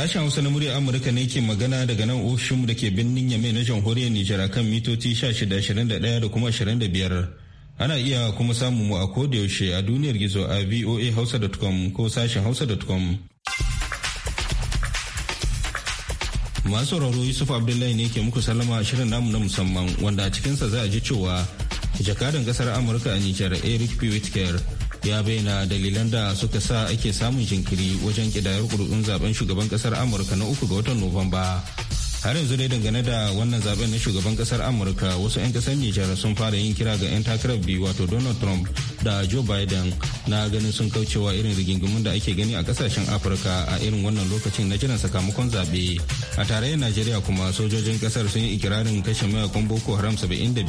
Sashen Hausa na muryar Amurka ne ke magana daga nan ofishinmu da ke birnin Yame na jamhuriyar Nijar kan mitoci 1621 da kuma 25. Ana iya kuma samun mu a yaushe a duniyar gizo a voa voahausa.com ko sashen hausa.com. Masu sauraro Yusuf Abdullahi ne ke muku salama a shirin namu na musamman wanda a cikinsa za a ji cewa jakadan kasar Amurka a Nijar Eric P. ya bayyana dalilan da suka sa ake samun jinkiri wajen kidayar kudin zaben shugaban kasar amurka na uku ga watan nuwamba har yanzu dai dangane da wannan zaben na shugaban kasar amurka wasu 'yan kasar nijar sun fara yin kira ga 'yan takarar biyu wato donald trump da joe biden na ganin sun kaucewa irin rigingimun da ake gani a kasashen afirka a irin wannan lokacin na jiran sakamakon zaɓe a tarayyar najeriya kuma sojojin kasar sun yi ikirarin kashe mayakan boko haram 75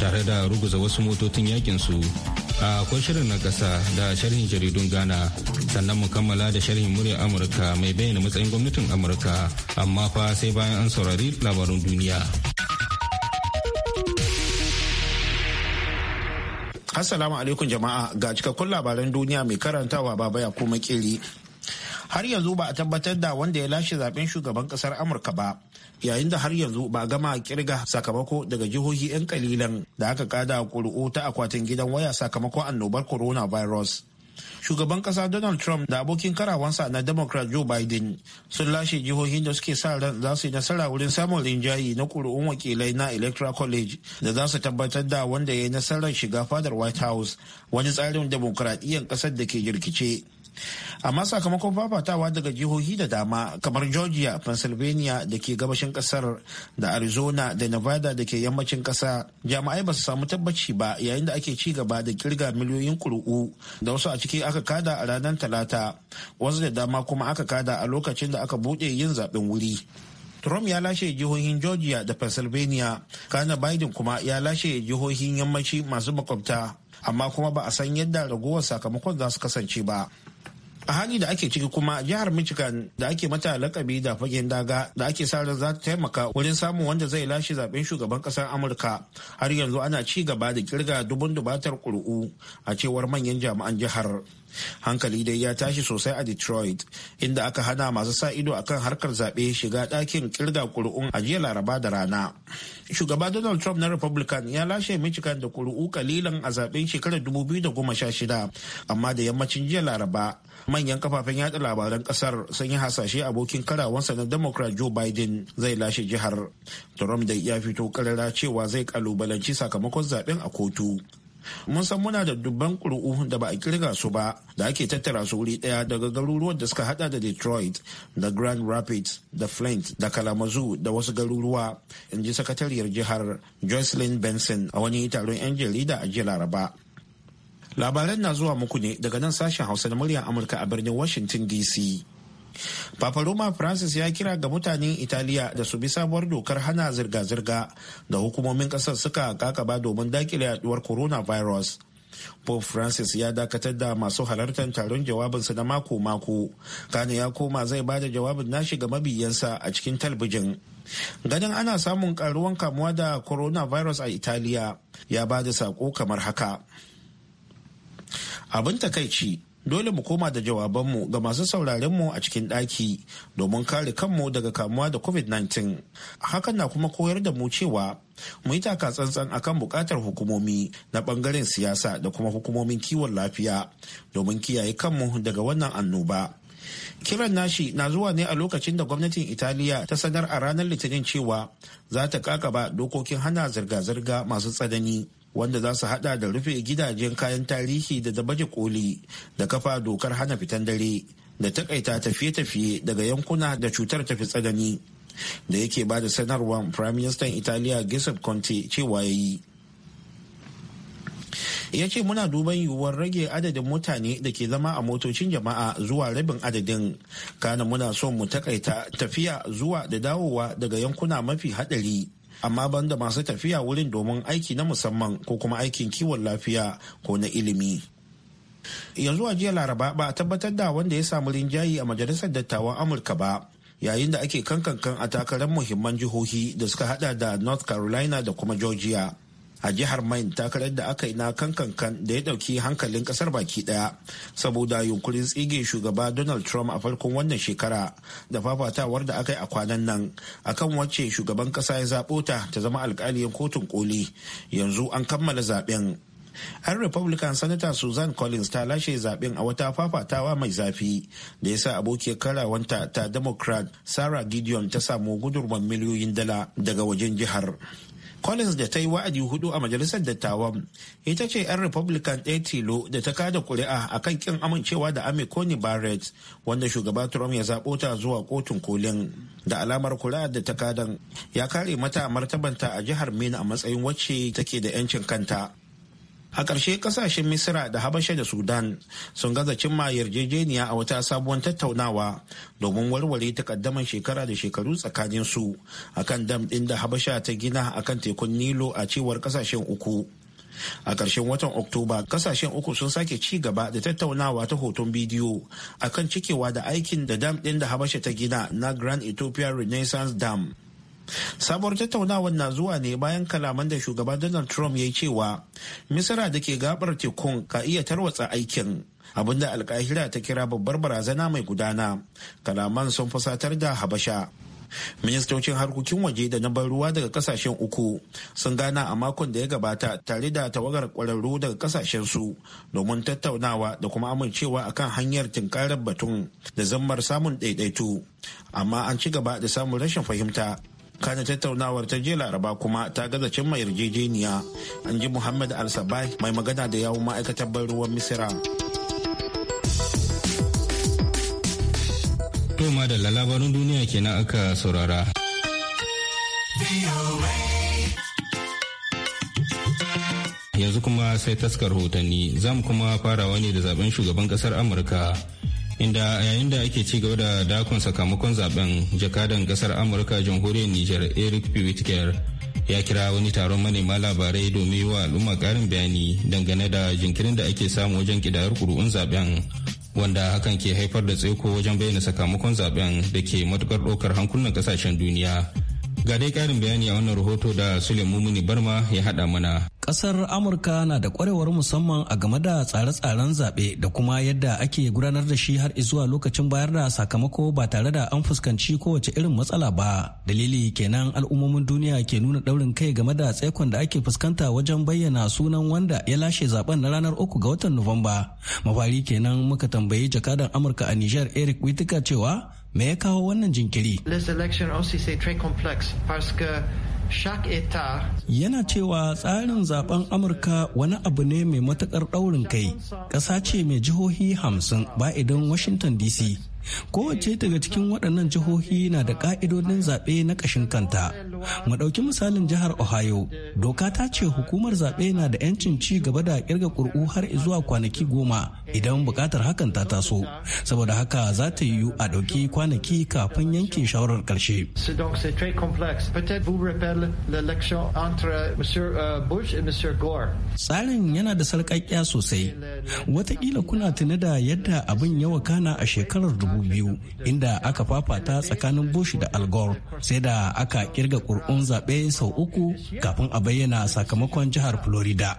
tare da ruguza wasu motocin yakin su akwai shirin na ƙasa da sharhin jaridun Ghana sannan mu kammala da sharhin murya Amurka mai bayyana matsayin gwamnatin Amurka amma fa sai bayan an saurari labarun duniya. Assalamu alaikum jama'a ga cikakkun labaran duniya mai karantawa baba ya kuma kiri. Har yanzu ba a tabbatar da wanda ya lashe zaben shugaban kasar Amurka ba. yayin da har yanzu ba gama kirga sakamako daga jihohi 'yan kalilan da aka kada ƙuri'u ta akwatin gidan waya sakamakon annobar coronavirus. Shugaban kasa Donald Trump da abokin karawansa na Democrat Joe Biden sun lashe jihohin da suke sa ran za su yi nasara wurin samun rinjayi na ƙuri'un wakilai na Electoral College da za su tabbatar da wanda ya yi nasarar shiga fadar White House wani tsarin demokradiyyar kasar da ke jirkice. amma sakamakon fafatawa daga jihohi da dama kamar georgia pennsylvania da ke gabashin kasar da arizona da nevada da ke yammacin kasa jami'ai ba su samu tabbaci ba yayin da ake ci gaba da kirga miliyoyin kuru'u da wasu a ciki aka kada a ranar talata wasu da dama kuma aka kada a lokacin da aka buɗe yin zaben wuri Trump ya lashe jihohin Georgia da Pennsylvania, kana Biden kuma ya lashe jihohin yammaci masu makwabta, amma kuma ba a san yadda ragowar sakamakon za su kasance ba. a hali da ake ciki kuma jihar michigan da ake mata lakabi da fagen daga da ake sa ran za ta taimaka wurin samun wanda zai lashe zaben shugaban kasar amurka har yanzu ana ci gaba da kirga dubun dubatar ƙuri'u a cewar manyan jami'an jihar hankali dai ya tashi sosai a detroit inda aka hana masu sa ido akan harkar zaɓe shiga ɗakin kirga ƙuri'un a jiya laraba da rana shugaba donald trump na republican ya lashe michigan da ƙuri'u kalilan a zaɓen shekarar 2016 amma da yammacin jiya laraba manyan kafafen yada labaran ƙasar sun yi hasashe abokin karawansa na democrat joe biden zai lashe jihar trump dai ya fito karara cewa zai kalubalanci sakamakon zaɓen a kotu mun san muna da dubban ƙuri'u da ba a kirga su ba da ake tattara su wuri ɗaya daga garuruwan da suka hada da detroit da grand rapids da flint da kalamazoo da wasu garuruwa in ji sakatariyar jihar jocelyn benson a wani taron 'yan jarida a jiya laraba labaran na zuwa muku ne daga nan sashen hausa na muryar amurka a birnin washington dc Papa Roma Francis ya kira ga mutanen Italiya da su bi sabuwar dokar hana zirga-zirga da hukumomin kasar suka kakaba domin dakile yaduwar coronavirus. Pope Francis ya dakatar da masu halartar taron jawabinsa na mako-mako. Kane ya koma zai bada jawabin nashi ga mabiyansa a cikin talbijin. Ganin ana samun karuwan kamuwa da coronavirus a Italiya ya bada sako kamar haka. Abin takaici dole mu koma da jawabanmu ga masu sauraronmu a cikin ɗaki domin kare kanmu daga kamuwa da covid-19 hakan na kuma koyar da mu cewa mu yi taka tsantsan akan bukatar hukumomi na ɓangaren siyasa da kuma hukumomin kiwon lafiya domin kiyaye kanmu daga wannan annoba kiran nashi na zuwa ne a lokacin da gwamnatin italiya ta sanar a ranar litinin cewa za ta kakaba dokokin hana zirga-zirga masu tsanani wanda za su hada da rufe gidajen kayan tarihi da da baje koli da kafa dokar hana fitan dare da takaita tafiye-tafiye daga yankuna da cutar tafi tsanani da yake ba da sanarwar prime minister italiya giuseppe conte cewa ya yi ya ce muna duban yiwuwar rage adadin mutane da ke zama a motocin jama'a zuwa rabin adadin kana muna son mu takaita tafiya zuwa da dawowa daga yankuna mafi hadari amma ban da masu tafiya wurin domin aiki na musamman ko kuma aikin kiwon lafiya ko na ilimi yanzu a jiya laraba ba a tabbatar da wanda ya samu rinjayi a majalisar dattawan amurka ba yayin da ake kankankan a takarar muhimman jihohi da suka hada da north carolina da kuma georgia a jihar main takarar da aka yi na kankankan da ya dauki hankalin kasar baki daya saboda yunkurin tsige shugaba donald trump a farkon wannan shekara da fafatawar da aka yi a kwanan nan akan wacce shugaban kasa ya zaɓo ta ta zama alkaliyar kotun koli yanzu an kammala zaben yan republican sanata susan collins ta lashe zaben a wata fafatawa mai zafi da ya sa abokiyar karawanta ta democrat sarah gideon ta samu gudurman miliyoyin dala daga wajen jihar collins da ta yi wa'adi hudu a majalisar dattawan ita ce 'yan republican ɗaya tilo da ta kada kuri'a a kan kin amincewa da amy coney barrett wanda shugaba trump ya zaɓo ta zuwa kotun kolin da alamar kuri'a da ta kadan ya kare mata martabanta a jihar maine a matsayin wacce take da 'yancin kanta a ƙarshe ƙasashen misira da habasha da sudan sun gaza cimma yarjejeniya a wata sabuwar tattaunawa domin warware takaddaman shekara da shekaru tsakanin su akan dam ɗin da habasha ta gina akan tekun nilo a cewar ƙasashen uku a ƙarshen watan oktoba ƙasashen uku sun sake ci gaba da tattaunawa ta hoton bidiyo akan cikewa da aikin da dam ɗin da habasha ta gina na grand ethiopia renaissance dam sabuwar tattaunawar na zuwa ne bayan kalaman da shugaba donald trump ya yi cewa misira da ke gabar tekun ka iya tarwatsa aikin abinda alkahira ta kira babbar barazana mai gudana kalaman sun fusatar da habasha ministocin harkokin waje da na bar ruwa daga kasashen uku sun gana a makon da ya gabata tare da tawagar kwararru daga kasashen su domin tattaunawa da kuma amincewa akan hanyar tinkarar batun da zammar samun daidaito amma an ci gaba da samun rashin fahimta kana tattaunawar ta je laraba kuma ta gaza mai yarjejeniya an ji muhammad al-sabai mai magana da yawun ma'aikatar ban ruwan misira Toma da labarin duniya kenan aka saurara. Yanzu kuma sai taskar hotanni zamu kuma farawa ne da zaben shugaban kasar Amurka inda yayin da ake ci gaba da dakon sakamakon zaben jakadan kasar amurka jamhuriyar niger eric pwitker ya kira wani taron manema labarai domin yi wa al'umma karin bayani dangane da jinkirin da ake samu wajen kidayar kuru'un zaben wanda hakan ke haifar da tsaiko wajen bayyana sakamakon zaben da ke matukar ɗaukar hankulan ƙasashen duniya Ga dai karin bayani a wannan rahoto da Sule Mumuni Barma ya hada mana. kasar Amurka na da kwarewar musamman a game da tsare-tsaren zaɓe da kuma yadda ake gudanar da shi har zuwa lokacin bayar da sakamako ba tare da an fuskanci kowace irin matsala ba. Dalili kenan al'ummomin duniya ke nuna daurin kai game da tsaikon da ake fuskanta wajen bayyana sunan wanda ya lashe zaben na ranar uku ga watan Nuwamba. Mafari kenan muka tambayi jakadan Amurka a niger Eric witika cewa me ya kawo wannan jinkiri Yana cewa tsarin zaben Amurka wani abu ne mai matakar daurin kai, ƙasa ce mai jihohi hamsin ba idan Washington DC. Kowace daga cikin waɗannan jihohi na da ƙa'idodin zaɓe na ƙashin kanta. Mu ɗauki misalin jihar Ohio, doka ta ce hukumar zaɓe na da 'yancin ci gaba da ƙirga ƙuri'u har zuwa kwanaki goma idan bukatar hakan ta taso saboda haka za ta yiwu a ɗauki kwanaki kafin yanke shawarar ƙarshe. Euh, euh, Tsarin yana da sarƙaƙiya sosai. Wataƙila kuna tuni da yadda abin ya kana a shekarar dubu biyu inda aka fafata tsakanin Bush da Al Gore sai da aka kirga ƙuri'un zaɓe sau uku kafin a bayyana sakamakon jihar Florida.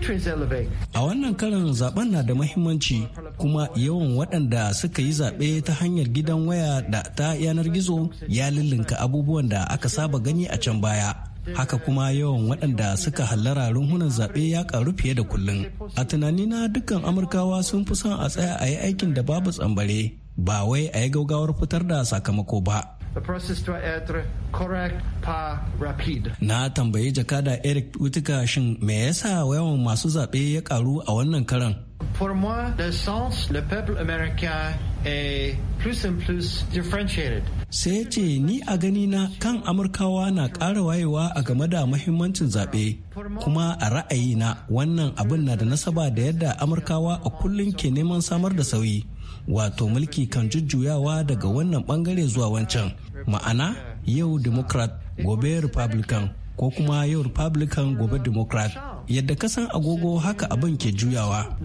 A wannan karin zaben na da mahimmanci kuma yawan waɗanda suka yi zaɓe ta hanyar gidan waya da ta yanar gizo ya lullunka abubuwan da aka saba gani a can baya. haka kuma yawan waɗanda suka hallara runhunan zaɓe ya ƙaru fiye da kullum a tunanina dukkan amurkawa sun fi son a tsaya a yi aikin da babu tsambare ba wai a yi gaugawar fitar da sakamako ba The process Na tambayi jakada Eric Utika shin me yasa yawan masu zaɓe ya ƙaru a wannan karan? Pour moi, le sens, le peuple américain est plus en plus differentiated. Sai ce ni a gani na kan Amurkawa na ƙara wayewa a game da mahimmancin zaɓe kuma a ra'ayi na wannan abin na da nasaba da yadda Amurkawa a kullum ke neman samar da sauyi. wato mulki kan jujjuyawa daga wannan bangare zuwa wancan ma'ana yau democrat gobe republican ko kuma yau republican gobe democrat yadda kasan agogo haka abin ke juyawa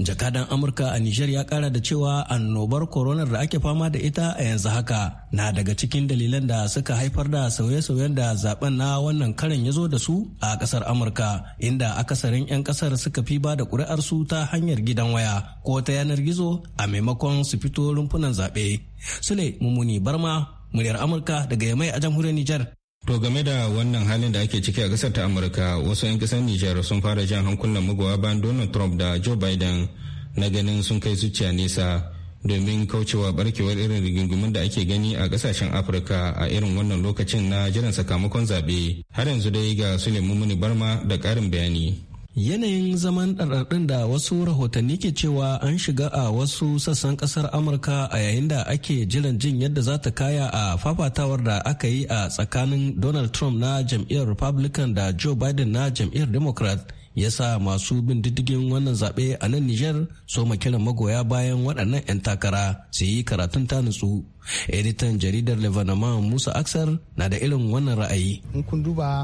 jakadan amurka a nijar ya kara da cewa annobar koronar da ake fama da ita a yanzu haka na daga cikin dalilan da suka haifar da sauye-sauyen da zaben na wannan karin ya zo da su a kasar amurka inda akasarin 'yan kasar suka fi ba da kuri'arsu ta hanyar gidan waya ko ta yanar gizo a maimakon su fito rumfunan zaɓe Sule Mumuni Barma, muryar Amurka daga Yamai a jamhuriyar Nijar. To game da wannan halin da ake ciki a ƙasar ta Amurka wasu 'yan ƙasar Nijar sun fara jan hankulan magowa bayan Donald Trump da Joe Biden na ganin sun kai zuciya nesa domin kaucewa barkewar irin rigingimun da ake gani a ƙasashen Afirka a irin wannan lokacin na jiran sakamakon zaɓe. Har yanzu dai ga Suleiman mumuni Barma da ƙarin bayani. yanayin zaman ɗarɗarɗin da wasu rahotanni ke cewa an shiga a wasu sassan ƙasar amurka a yayin da ake jiran jin yadda za ta kaya a fafatawar da aka yi a tsakanin donald trump na jam'iyyar republican da joe biden na jam'iyyar democrat ya sa masu bin diddigin wannan zaɓe a nan niger so kiran magoya bayan waɗannan 'yan takara su yi karatun ta nutsu editan jaridar levanaman musa aksar na da irin wannan ra'ayi in kun duba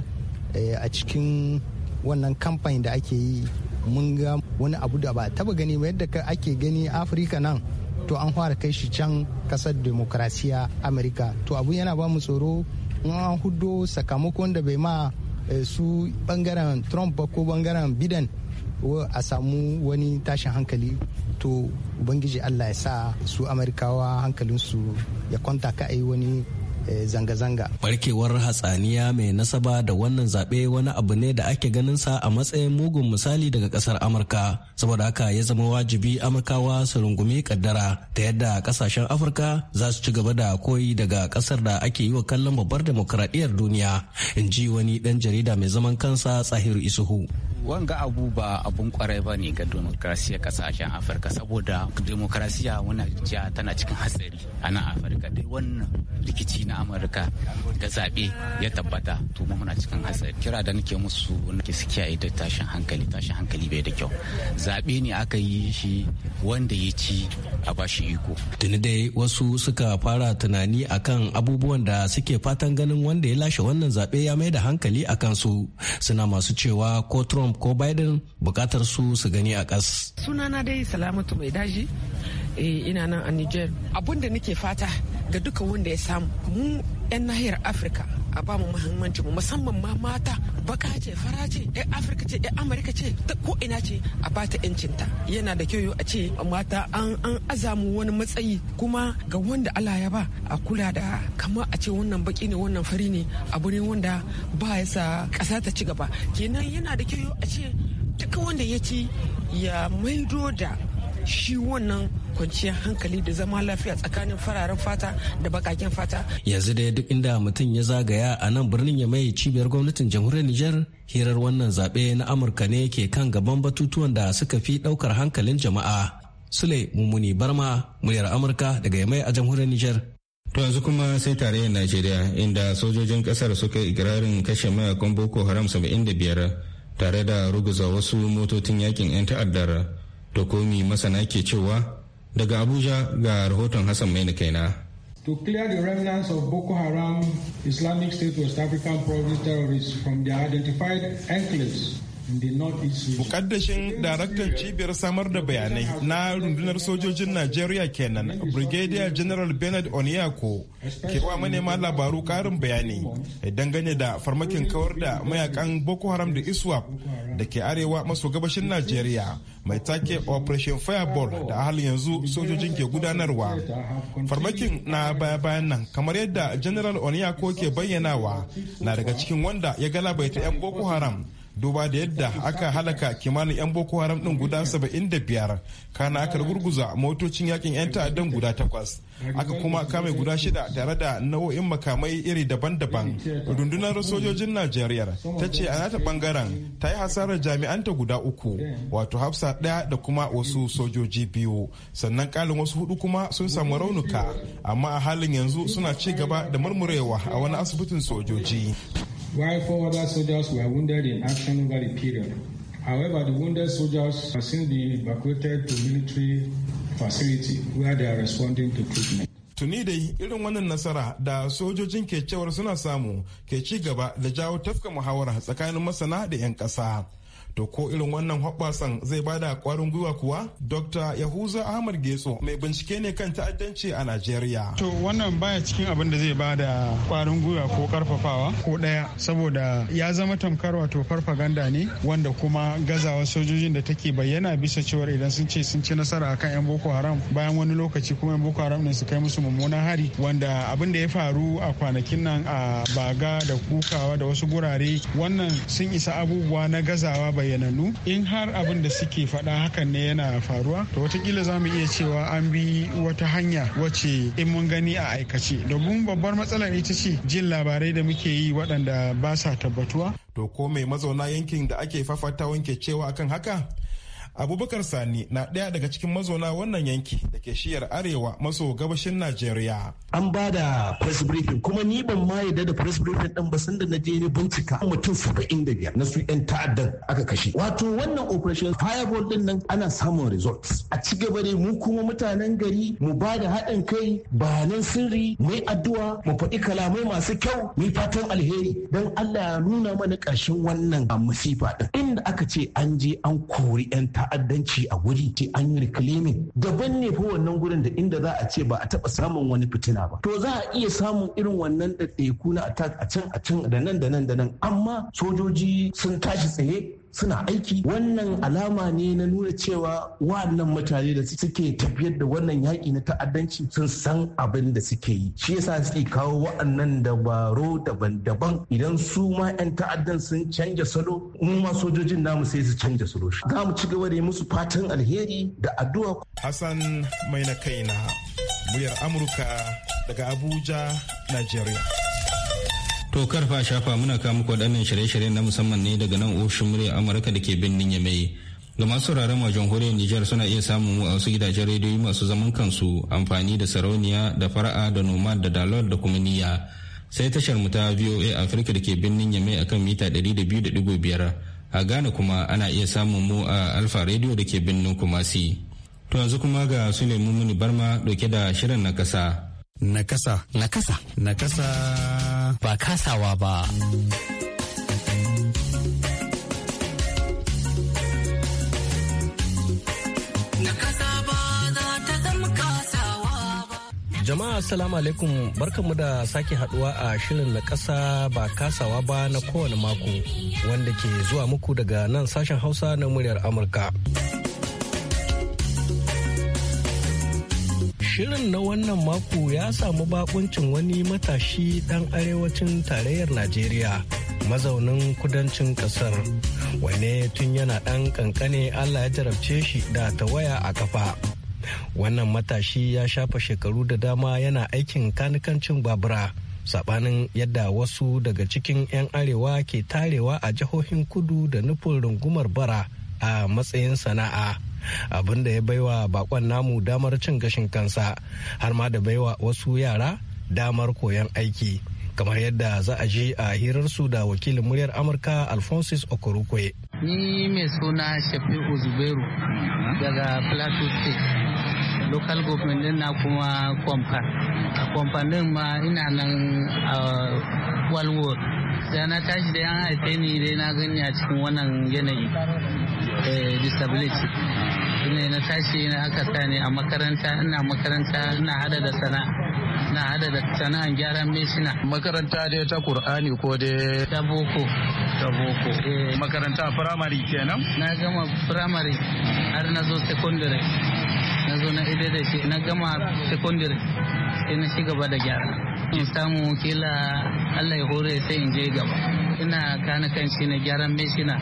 eh, a cikin wannan kamfani da ake yi mun ga wani abu da ba taba gani ba yadda ake gani afirka nan to an fara kai shi can kasar demokrasiya amerika to abu yana ba mu tsoro in an hudo sakamakon da bai ma eh, su bangaren trump ba ko bangaren biden a samu wani tashin hankali to ubangiji allah ya sa su amerikawa hankalinsu ya kwanta ka wani Eh, zanga-zanga. Barkewar hatsaniya mai nasaba da wannan zaɓe wani abu ne da ake ganin sa a matsayin mugun misali daga ƙasar Amurka. Saboda haka ya zama wajibi Amurkawa su rungumi kaddara ta yadda ƙasashen Afirka za su ci gaba da koyi daga ƙasar da ake yi wa kallon babbar demokradiyyar duniya. In ji wani ɗan jarida mai zaman kansa Tsahiru Isuhu. wanga abu ba abun kwarai ba ne ga demokrasiya kasashen afirka saboda demokrasiya muna jiya tana cikin hatsari a nan afirka dai wannan rikici na amurka da zaɓe ya tabbata to muna cikin hatsari kira da nake musu wani su kiyaye da tashin hankali tashin hankali bai da kyau zaɓe ne aka yi shi wanda ya ci a bashi iko. Tuni dai wasu suka fara tunani akan abubuwan da suke fatan ganin wanda ya lashe wannan zaɓe ya mai da hankali a kansu suna masu cewa ko Trump ko Biden bukatar su su gani a ƙas. Sunana dai Salamatu Mai Daji eh, ina nan a Niger. Abun da nake fata ga duka wanda ya samu mu 'yan nahiyar afirka a ba mu muhimmanci mu musamman ma mata baka ce fara ce yan eh, afirka ce yan eh, amurka ce ta ko ina ce a bata yancinta yana da kyau a ce mata an an azamu wani matsayi kuma ga wanda Allah ya ba a kula da kamar a ce wannan baki ne wannan fari ne abu ne wanda ba ya sa kasa ta ci gaba kenan yana da kyau a ce duka wanda ya ci ya maido da shi wannan kwanciyar hankali da zama lafiya tsakanin fararen fata da bakakin fata. Yanzu dai duk inda mutum ya zagaya a nan birnin ya mai cibiyar gwamnatin jamhuriyar Nijar hirar wannan zaɓe na Amurka ne ke kan gaban batutuwan da suka fi ɗaukar hankalin jama'a. Sule Mummuni Barma, muryar Amurka daga Yamai a jamhuriyar Nijar. To yanzu kuma sai tarayyar Najeriya inda sojojin kasar suka ikirarin kashe mayakan Boko Haram 75 tare da ruguza wasu motocin yakin 'yan ta'addar. To komi masana ke cewa daga Abuja ga rahoton Hassan Maina kaina. to clear the remnants of Boko Haram, Islamic State West African Province terrorists from their identified enclaves Mukaddashin daraktan cibiyar samar da bayanai na rundunar sojojin Najeriya kenan Brigadier General Bernard Onyako ke wa manema labaru karin bayani dangane da farmakin kawar da mayakan Boko Haram da ISWAP da ke arewa maso gabashin Najeriya mai take Operation Fireball da a halin yanzu sojojin ke gudanarwa. Farmakin na baya-bayan nan kamar yadda General Onyako ke bayyanawa na daga cikin wanda ya galabaita 'yan Boko Haram. duba da yadda aka halaka kimanin 'yan boko haram din guda 75 kana aka gurguza motocin yakin 'yan ta'addan guda takwas aka kuma kame guda shida tare da nau'in makamai iri daban-daban rundunar sojojin najeriya ta ce a nata bangaren ta yi hasarar jami'anta guda uku wato hafsa ɗaya da kuma wasu sojoji biyu sannan kalin wasu hudu kuma sun samu raunuka amma a halin yanzu suna ci gaba da murmurewa a wani asibitin sojoji while four other soldiers were wounded in action over the period. However, the wounded soldiers have since been evacuated to military facility where they are responding to treatment. tuni dai irin wannan nasara da sojojin ke cewar suna samu ke ci gaba da jawo tafka muhawara tsakanin masana da 'yan ƙasa. To ko irin wannan hoɓɓasan zai bada kwarin gwiwa kuwa? Dr. Yahuza Ahmad geso mai bincike ne kan ta'addanci a Najeriya. To wannan baya cikin abin da zai bada kwarin gwiwa ko karfafawa ko ɗaya saboda ya zama tamkar wato farfaganda ne wanda kuma gazawa sojojin da take bayyana bisa cewa idan sun ce sun ci nasara akan 'yan Boko Haram bayan wani lokaci kuma 'yan Boko Haram ne su kai musu mummunan hari wanda abin da ya faru a kwanakin nan a baga da kukawa da wasu gurare wannan sun isa abubuwa na gazawa bai bayyananu in har abin da suke faɗa hakan ne yana faruwa to watakila za mu iya cewa an bi wata hanya wacce in mun gani a aikace domin babbar matsalar ita ce jin labarai da muke yi waɗanda ba sa tabbatuwa to ko mai mazauna yankin da ake fafata wanke cewa akan haka abubakar sani na ɗaya daga cikin mazauna wannan yanki da ke shiyar arewa maso gabashin najeriya an ba da press briefing kuma ni ban ma yadda da press briefing ɗin ba sanda na je ne bincika mutum saba'in da biyar na su yan ta'addan aka kashe wato wannan operation fireball ɗin nan ana samun results a ci gaba ne mu kuma mutanen gari mu ba da haɗin kai bayanan sirri mu addu'a mu faɗi kalamai masu kyau mu fatan alheri don Allah ya nuna mana ƙarshen wannan masifa ɗin inda aka ce an je an kori yan ta'addanci a wuri ce an yi reclaiming daban ne fa wannan gurin da inda za a ce ba a taba samun wani fitina ba to za a iya samun irin wannan ɗaiɗaiku na attack a can a can da nan da nan da nan amma sojoji sun tashi tsaye suna aiki wannan alama ne na nuna cewa wannan mutane da suke tafiyar da wannan yaƙi na ta'addanci sun san abin da suke yi shi yasa suke kawo wa'annan dabaro daban-daban idan su ma 'yan ta'addan sun canja salo mu ma sojojin namu sai su canja salo za mu ci gaba da musu fatan alheri da addu'a hassan mai na kaina muryar amurka daga abuja nigeria To karfa shafa muna kawo muku waɗannan shirye-shirye na musamman ne daga nan ofishin murya Amurka da ke birnin Yamai. Ga masu sauraron mu jamhuriyar Nijar suna iya samun mu a wasu gidajen rediyo masu zaman kansu amfani da sarauniya da fara'a da nomad da dalol da kuma niyya. Sai tashar mu ta VOA Afirka da ke birnin Yamai akan mita ɗari da biyar a Ghana kuma ana iya samun mu a Alfa Radio da ke birnin Kumasi. To yanzu kuma ga Suleiman Muni Barma doke da shirin na kasa. Nakasa. Nakasa. Nakasa. Ba kasawa ba. Jama'a assalamu alaikum barkamu da sake haduwa a shirin na kasa ba kasawa ba na kowane mako wanda ke zuwa muku daga nan sashen hausa na muryar Amurka. Shirin na wannan mako ya samu bakuncin wani matashi dan arewacin tarayyar Najeriya mazaunin kudancin kasar Wane tun yana dan kankane Allah ya jarabce shi da tawaya a kafa. Wannan matashi ya shafa shekaru da dama yana aikin kanikancin babura. sabanin yadda wasu daga cikin 'yan arewa ke tarewa a jihohin kudu da nufin rungumar bara a matsayin sana'a abinda ya baiwa bakon namu damar cin gashin kansa har ma da baiwa wasu yara damar koyon aiki kamar yadda za a ji a hirarsu da wakilin muryar amurka alphonsus okorokwe ni mai suna shafi'u zubairu daga plateau state local government din na kuma kwamfa a kwamfanin ma ina nan a walwood da na tashi da yan haife ni dai na gani a cikin wannan yanayi eh, disability karatu ne na tashi na aka sa ne a makaranta ina makaranta ina hada da sana'a na hada da sana'an gyaran mesina makaranta dai ta qur'ani ko dai ta boko ta boko eh. makaranta firamare kenan na gama firamare har na zo secondary na zo na ide da shi na gama secondary sai na shiga gaba da gyara in samu kila Allah ya hore sai in je gaba ina kan shi na gyaran mesina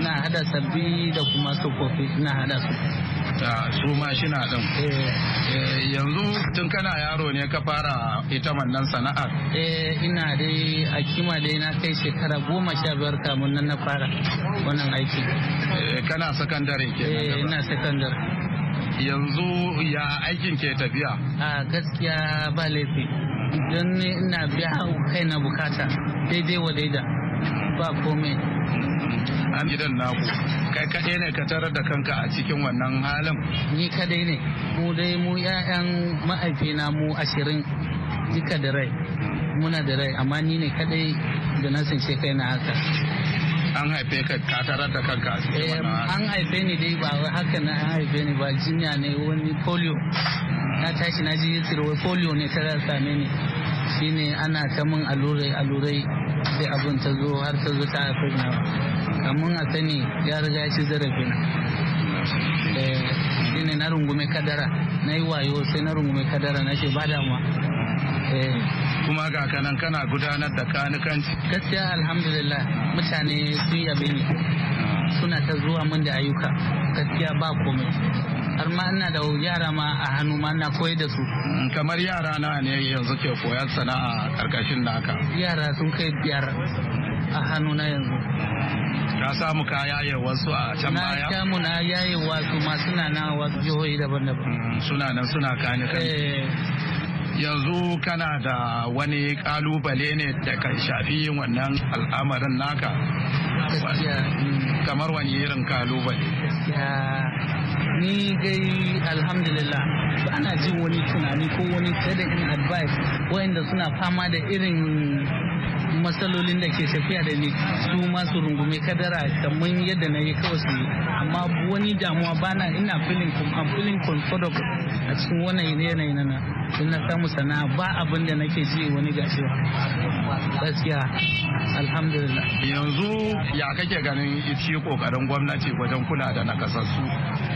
na hada sabbi da kuma tsofaffi na hada su su na ɗin eh. Eh, yanzu tun kana yaro ne ka fara ita wannan sana'ar eh ina dai a kima dai na kai shekara goma sha biyar kamun nan na fara wannan aiki eh, kana sakandare ke eh ina sakandare yanzu ya aikin ke tafiya a gaskiya ba laifi don ne ina biya kai na bukata daidai wa daida ba komai mm-hmm. a gidan naku kai kadai ne ka tarar da kanka a cikin wannan halin ni kadai ne mu dai mu 'ya'yan ma'aifina mu ashirin duka da rai muna da rai amma ni ne kadai da na sance kai na haka an haife ka ka tarar da kanka a cikin eh, wannan an haife ni dai ba haka na an haife ni ba jinya ne wani polio na tashi na ji yitirwa polio ne ta same ni shine ana ta min alurai alurai sai abin ta zo har ta zo ta haifar na kamun a sani ya riga shi zarafi na eh, shi ne na rungume kadara na yi wayo sai na rungume kadara na ce ba damuwa eh. kuma ga kanan kana gudanar da kanikanci gaskiya alhamdulillah mutane sun yabe ni suna ta zuwa min da ayyuka gaskiya ba komai har ma ina da yara ma a hannu ma ina koyar da su mm, kamar yara na ne yanzu ke koyar sana'a karkashin naka yara sun kai biyar a hannu na yanzu ka samu ka yaye wasu a can baya na samu na yaye wasu ma suna na wasu jihohi daban-daban mm, suna nan suna kani kan eh. yanzu kana da wani kalubale ne da kan shafi yin wannan al'amarin naka mm. kamar wani irin kalubale ni dai alhamdulillah ba ana jin wani tunani ko wani in advice wayanda suna fama da irin matsalolin da ke tafiya da ni su masu rungume kadara kamar yadda na yi kawai su yi amma wani damuwa bana ina filin I'm feeling a cikin wannan yanayi na tun na samu sana'a ba abin da nake ji wani gashi ba gaskiya alhamdulillah yanzu ya kake ganin ishi kokarin gwamnati wajen kula da nakasassu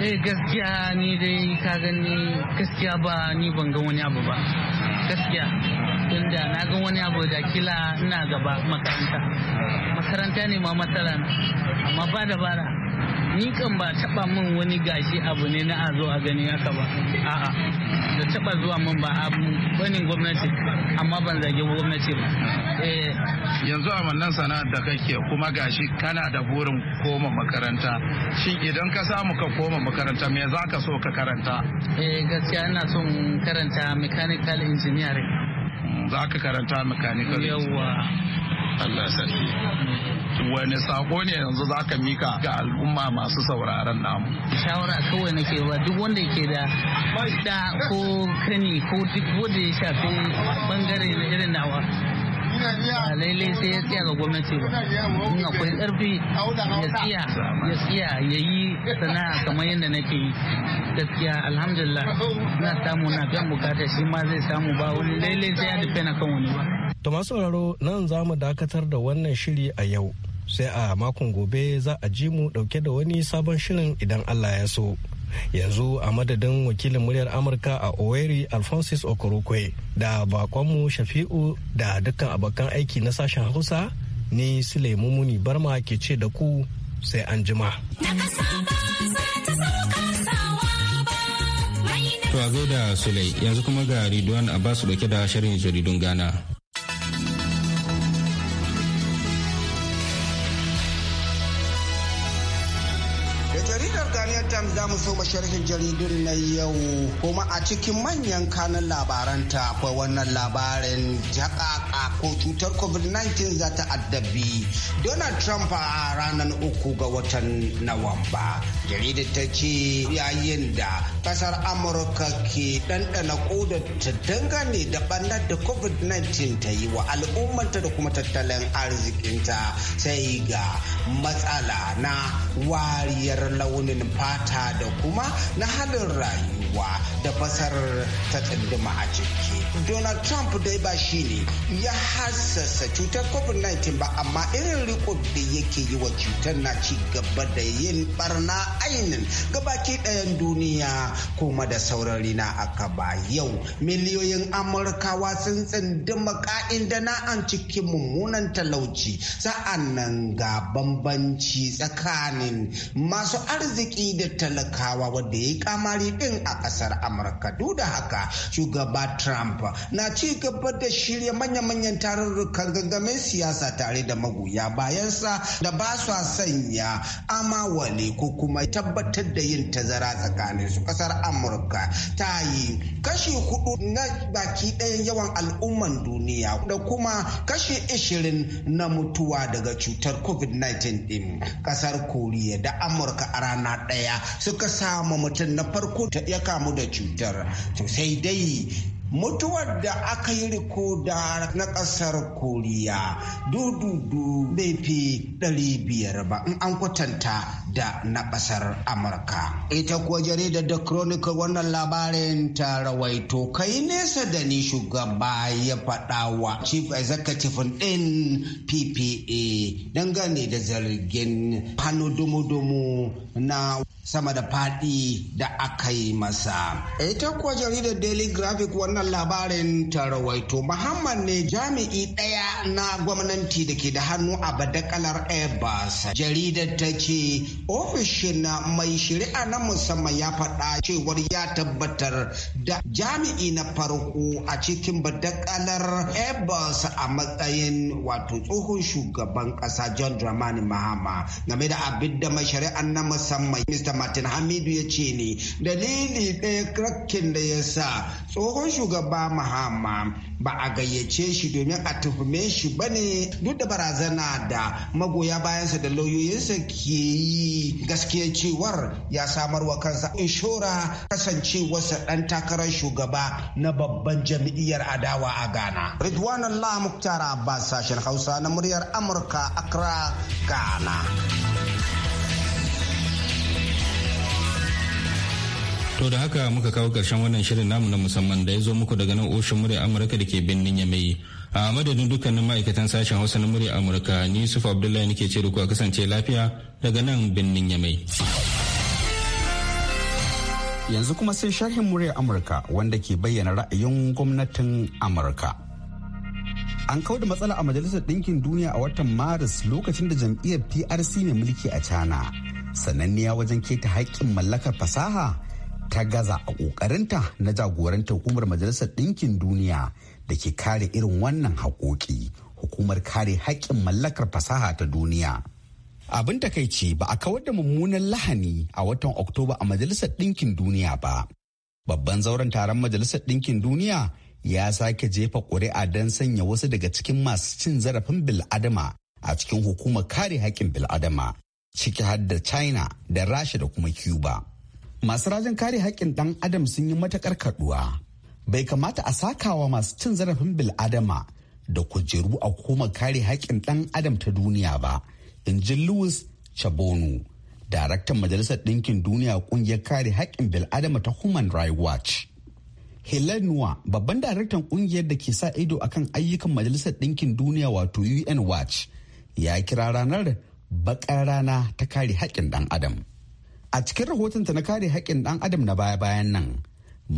eh gaskiya ni dai ka gani gaskiya ba ni ban ga wani abu ba gaskiya tunda na ga wani abu da kila ina gaba makaranta makaranta ne ma matsala amma ba dabara ni kan ba taba min wani gashi abu ne na a zo a gani haka ba a'a da taba zuwa min ba a wani gwamnati amma ban zage gwamnati ba eh, yanzu a wannan sana'ar da kake kuma gashi kana da burin koma makaranta shi idan ka samu ka koma makaranta me za ka so ka karanta eh gaskiya ina son karanta mechanical engineering hmm, za ka karanta mechanical engineering yawa Allah sarki mm. wani sako ne yanzu za ka mika ga al'umma masu sauraron namu shawara kawai nake wa duk wanda ke da da ko kani ko duk wanda ya shafi bangare na irin nawa ba lailai sai ya tsaya ga gwamnati ba in akwai karfi ya tsaya ya tsaya ya yi sana'a kamar yadda nake yi gaskiya alhamdulillah na samu na biyan bukata shi ma zai samu ba wani lailai sai ya dafe na kan wani ba To masu sauraro nan za mu dakatar da wannan shiri a yau. Sai a makon gobe za a ji mu dauke da wani sabon shirin idan Allah ya so. Yanzu a madadin wakilin muryar Amurka a Oweri Alphonsus Okorokwe da bakonmu Shafi'u da dukkan abokan aiki na sashen Hausa ni Sule Muni Barma ke ce da ku sai an jima. To a da Sule yanzu kuma ga Ridwan Abbas dauke da shirin jaridun gana. za mu so sharhin jaridun na yau kuma a cikin manyan kanan labaranta akwai wannan labarin jakaka ko cutar covid-19 za ta addabi donald trump a ranar uku ga watan nawamba jaridar ta ce yayin da kasar amurka ke ɗanɗana kodar ta dangane da ɓannar da covid-19 ta yi wa al'ummanta da kuma tattalin arzikinta sai ga matsala na wariyar launin fata da kuma na halin rayuwa da fasar ta tsunduma a ciki. Donald Trump dai ba shi ne ya hassasa cutar COVID-19 ba amma irin riko da yake yi wa cutar na ci gaba da yin barna ainin gabaki ɗayan duniya kuma da saurari na aka ba yau miliyoyin amurkawa sun tsunduma ka'in da na'an cikin mummunan talauci sa'an nan ga bambanci tsakanin masu arziki da talakawa wanda ya yi kamari din a kasar amurka duk da haka shugaba trump na ci gaba da shirya manya-manyan tarurrukan gangamin siyasa tare da magoya bayansa da ba su sanya amawale ko kuma tabbatar da yin tazara tsakanin su kasar amurka ta yi kashi hudu na baki ɗayan yawan al'umman duniya da kuma kashi ishirin na mutuwa daga cutar covid-19 din kasar koriya da amurka a rana ɗaya suka samu mutum na farko ta ya kamu da cutar to sai dai mutuwar da aka yi rikoda na kasar koriya dududu bai fi 500 ba in an kwatanta da na ƙasar amurka ita kuwa jaridar da chronicle wannan labarin ta rawaito kai nesa da ni shugaba ya faɗa wa chief executive ɗin ppa dangane da zargin hannu dumu-dumu na sama da faɗi da aka yi masa. Ita kuwa jaridar Daily Graphic wannan labarin ta rawaito Muhammad ne jami'i ɗaya na gwamnati da ke da hannu a badakalar Airbus. Jaridar ta ce ofishin mai shari'a na musamman ya faɗa cewar ya tabbatar da jami'i na farko a cikin badakalar airbus a matsayin wato tsohon shugaban ƙasa john dramani mahama game da abin da mai shari'a na musamman mr martin hamidu ya ce ne dalili ɗaya krakin da ya sa tsohon shugaba mahama ba a gayyace shi domin a tuhume shi ba ne duk da barazana da magoya bayansa da lauyoyinsa ke yi gaskiya cewar ya samar wa kansa inshora kasancewarsa dan takarar shugaba na babban jam'iyyar adawa a ghana ridwan allah tara abbas sashen hausa na muryar amurka accra ghana To da haka muka kawo ƙarshen wannan shirin namu na musamman da ya zo muku daga nan oshin murya Amurka da ke birnin Yamai. A madadin dukkanin ma'aikatan sashen Hausa na murya Amurka ni Yusuf Abdullahi nake ce da ku a kasance lafiya daga nan birnin Yamai. Yanzu kuma sai sharhin murya Amurka wanda ke bayyana ra'ayin gwamnatin Amurka. An kawo da matsala a Majalisar Ɗinkin Duniya a watan Maris lokacin da jam'iyyar PRC mai mulki a China. Sananniya wajen keta haƙƙin mallakar fasaha ta gaza a ƙoƙarinta na jagorantar hukumar majalisar ɗinkin duniya da ke kare irin wannan haƙoƙi hukumar kare haƙƙin mallakar fasaha ta duniya abin takaici ba a kawar da mummunan lahani a watan oktoba a majalisar ɗinkin duniya ba babban zauren taron majalisar ɗinkin duniya ya sake jefa ƙuri'a don sanya wasu daga cikin masu cin zarafin bil'adama a cikin hukumar kare haƙƙin bil'adama ciki har da china da rasha da kuma cuba masu rajin kare haƙƙin ɗan adam sun yi matuƙar kaɗuwa bai kamata a sakawa masu cin zarafin bil'adama da kujeru a hukumar kare haƙƙin ɗan adam ta duniya ba in ji louis chabonu daraktan majalisar ɗinkin duniya ƙungiyar kare haƙƙin bil'adama ta human rights watch Helen Nuwa babban daraktan ƙungiyar da ke sa ido akan ayyukan majalisar ɗinkin duniya wato UN Watch ya kira ranar baƙar rana ta kare haƙƙin ɗan adam. a cikin rahotonta na kare haƙƙin ɗan adam na baya-bayan nan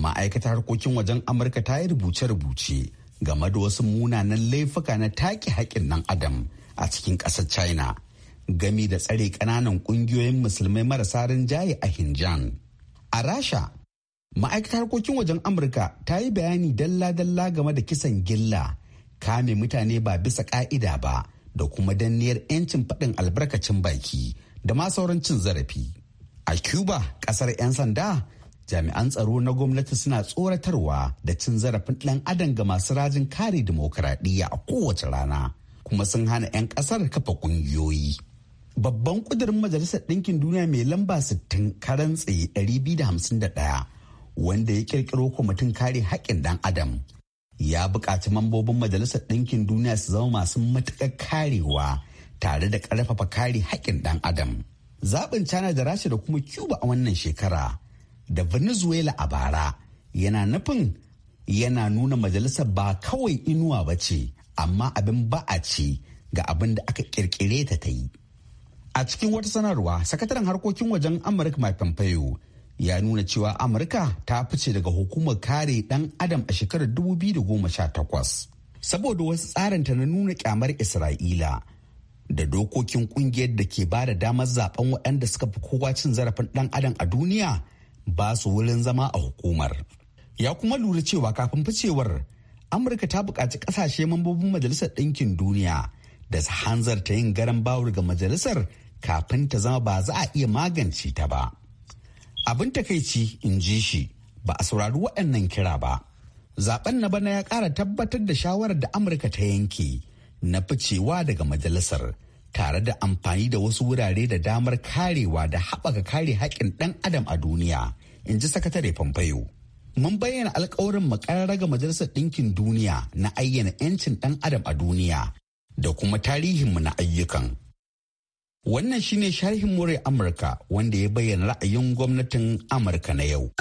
ma'aikatar harkokin wajen amurka ta yi rubuce-rubuce game da wasu munanan laifuka na take haƙƙin ɗan adam a cikin ƙasar china gami da tsare ƙananan ƙungiyoyin musulmai marasa rinjaye a hinjan a rasha ma'aikatar harkokin wajen amurka ta yi bayani dalla-dalla game da kisan gilla kame mutane ba bisa ƙa'ida ba da kuma danniyar 'yancin faɗin albarkacin baki da ma sauran cin zarafi a cuba kasar 'yan sanda jami'an tsaro na gwamnati suna tsoratarwa da cin zarafin ɗan adam ga masu rajin kare dimokuraɗiyya a kowace rana kuma sun hana 'yan ƙasar kafa ƙungiyoyi babban ƙudurin majalisar ɗinkin duniya mai lamba 60 karen tsaye 251 wanda ya ƙirƙiro kwamitin kare haƙƙin ɗan adam ya buƙaci mambobin majalisar ɗinkin duniya su zama masu matuƙar karewa tare da ƙarfafa kare haƙƙin ɗan adam. zaɓin china da rasha da kuma cuba a wannan shekara da venezuela a bara yana nufin yana nuna majalisa ba kawai inuwa ba ce amma abin ba a ce ga abin da aka kirkire ta ta yi a cikin wata sanarwa sakataren harkokin wajen amurka mai pompeo ya nuna cewa amurka ta fice daga hukumar kare dan adam a shekarar 2018 saboda wasu tsarinta na nuna kyamar isra'ila da dokokin kungiyar da ke ba da damar zaben waɗanda suka fi kowa cin zarafin ɗan adam a duniya ba su wurin zama a hukumar ya kuma lura cewa kafin ficewar amurka ta buƙaci ƙasashe mambobin majalisar ɗinkin duniya da su hanzarta yin garan bawur ga majalisar kafin ta zama ba za a iya magance ta ba abin takaici in ji shi ba a saurari waɗannan kira ba zaben na bana ya ƙara tabbatar da shawarar da amurka ta yanke na ficewa daga majalisar tare da amfani da wasu wurare da damar karewa da haɓaka kare haƙƙin ɗan adam a duniya in ji sakatare pompeo mun bayyana alkawarin raga majalisar ɗinkin duniya na ayyana 'yancin ɗan adam a duniya da kuma tarihinmu na ayyukan wannan shine sharhin more amurka wanda ya bayyana ra'ayin gwamnatin amurka na yau.